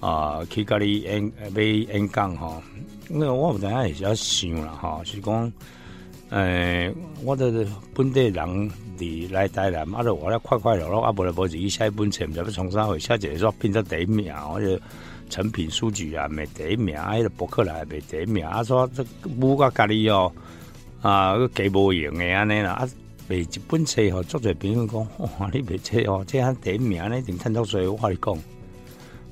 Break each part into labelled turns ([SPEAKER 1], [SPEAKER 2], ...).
[SPEAKER 1] 啊，去演哩，買演講吼、哦，因為我毋知影會曉想啦吼，哦就是講，誒、欸，我哋本地人佇來台南，阿叔我咧快快樂樂，啊，無咧保持伊寫本冊毋知欲創啥會寫只說拼到第一名，或、啊、者、就是、成品書局啊，未第一名，迄、啊那個博客來未第一名，阿叔、啊，唔該咖哩哦，啊，閣計無用誒安尼啦，啊，賣一本冊吼，做、哦、濟朋友講，哇、哦，你賣冊哦，即、這、係、個、第一名安尼一定趁足濟，我甲你講。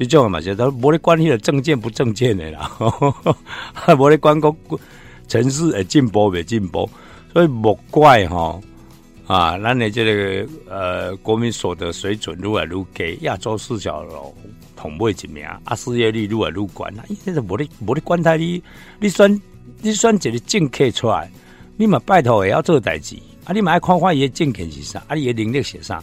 [SPEAKER 1] 這種嘛，就都冇咧管係了，證件，不證件的啦，冇咧關過城市誒進步未進步，所以冇怪吼啊，咱咧即個呃國民所得水準越來越低，亞洲四小龍同輩一名，阿失業率越來越高，啊，伊這個冇咧冇咧管他，哩，你選你選一個政客出來，你嘛拜託會要做代志，啊，你嘛愛看看伊政客是啥，啊伊能力是啥？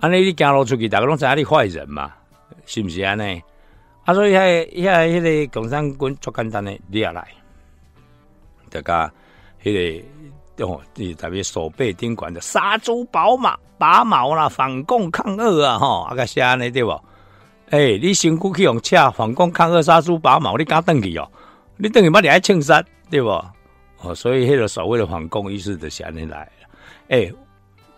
[SPEAKER 1] 安尼你走路出去，大家攏知影你壞人嘛，是不是安尼？啊，所以喺喺迄個共產黨最簡單的你也來，大、那個迄個哦，喔就是、特別守備賓館的殺豬寶馬拔毛啦，反共抗日啊，吼、喔，啊甲啥安尼對無？誒、欸，你辛苦去用車反共抗日，殺豬拔毛，你敢等佮？哦，你等於冇離開槍殺對無？哦、喔，所以迄個所謂的反共意思就是安尼來，誒、欸。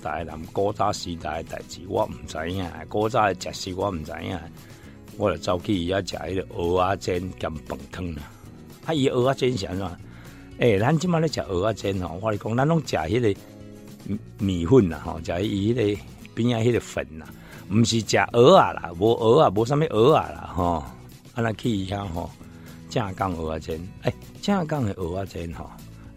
[SPEAKER 1] 大林古早時代嘅代志，我唔知啊！古早食肆我唔知啊！我哋走去而家食個蚵仔煎咁崩湯啦，啊！伊蚵仔煎是安怎？誒、欸，咱今晚咧食蚵仔煎哦，我甲汝講，咱攏食迄個米粉啦，吼，食迄個邊啊，迄個粉啦，毋是食蚵仔啦，無蚵仔，無啥物蚵仔啦，吼、啊，咁去迄遐嗬，正港蚵仔煎，誒、欸，正港嘅蚵仔煎，嗬。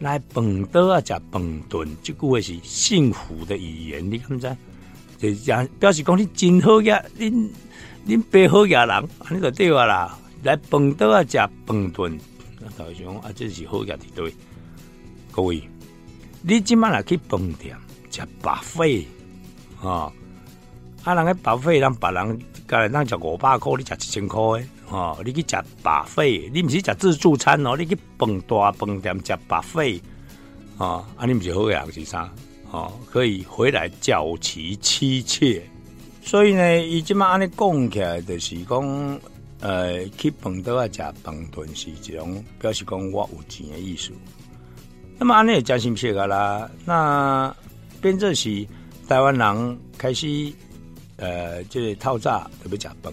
[SPEAKER 1] 來飯島啊，食飯頓，這句話是幸福的語言，你敢知？就講表示講你真好嘢，你你爸好嘢人，安尼個對伐啦？來飯島啊，食飯頓，那頭像啊，這是好嘢一對各位，你即擺來去飯店食白費啊？啊，人家白費讓別人，家來讓食五百塊，你食一千塊誒？哦，你去吃白費，你唔是食自助餐哦，你去蹦大蹦店吃白費。哦，安尼唔是好嘅人，是啥？哦，可以回來教妻妻妾。嗯、所以呢，伊即嘛安尼講起來，就是講，呃，去蹦多啊，食蹦團是一種，表示講我有錢嘅意思。嗯嗯、那麼安尼真心謝噶啦。那變正是台灣人開始，呃，即係套炸特別食蹦。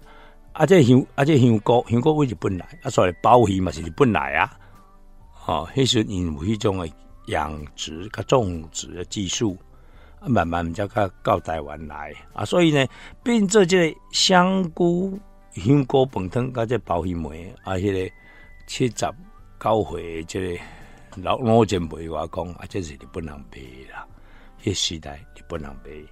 [SPEAKER 1] 啊，即係香，啊即係香菇，香菇係日本來的，啊所謂鮑魚咪係日本來啊，哦，嗰時因為有呢種嘅養殖、跟種植嘅技術，啊、慢慢才到台灣來的，啊，所以呢變做即係香菇、香菇飯湯，加隻鮑魚糜，啊，那個七十九歲即個老老前輩話講，啊，即是日本人賣的啦，呢時代日本人賣的。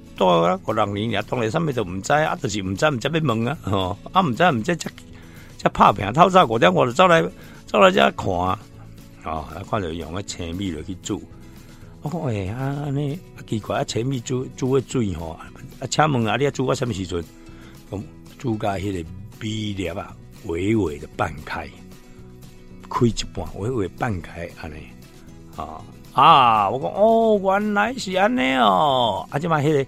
[SPEAKER 1] 多，多啊，要啊！嗰兩年也當嚟，心、啊、咪就唔知、啊哦欸，啊，就是唔知，唔知咩問啊，吼，啊唔知，唔知即即拍拼偷走嗰啲，我就走嚟走嚟即看，啊，看到用啲青米落去煮，我講誒，啊呢奇怪，啊青米煮煮嘅水吼。啊請問啊你煮我什麼時候？咁煮加啲嘅米粒啊，微微的半開，開一半微微半開，安尼，啊、哦、啊，我講哦，原來是安尼哦，啊，即媽、那個，係咧。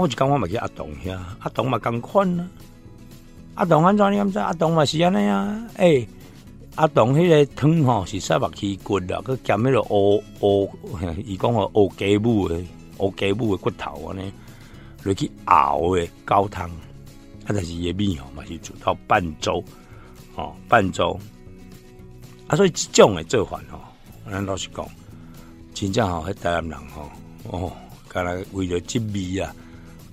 [SPEAKER 1] 我就講我咪叫阿東呀，阿東嘛咁款啦，阿東安怎你咁知？阿東咪係咁樣啊？誒，阿東迄、啊欸、個湯吼、喔，是煞白皮骨啦，擱兼迄個？烏烏伊講個烏雞母嘅烏雞母嘅骨頭安尼落去熬嘅高湯，佢、啊、是伊嘅麵吼嘛，係煮到半粥，哦、喔、半粥，啊所以即種嘅做法吼、喔，我老實講，真正吼迄台南人吼、喔，哦、喔，敢哋為了即味啊。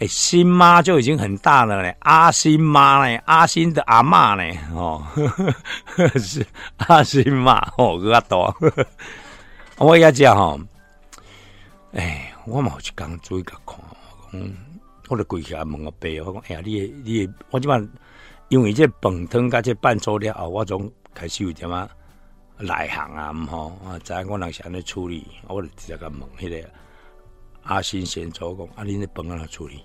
[SPEAKER 1] 誒、欸，新媽就已經很大了嘞，阿新媽嘞，阿新的阿嬤嘞，哦，呵呵是阿新媽哦，個多。我要講吼，哎、欸，我冇去講做一個看，我講我嚟規起來問阿爸，我講哎呀，你的你的，我即晚因為這飯湯甲這個半粗料哦，我總開始有點啊內行啊，毋吼，我知影我是安尼處理，我著直接甲問迄、那個阿新先做工，啊，恁呢飯安怎處理。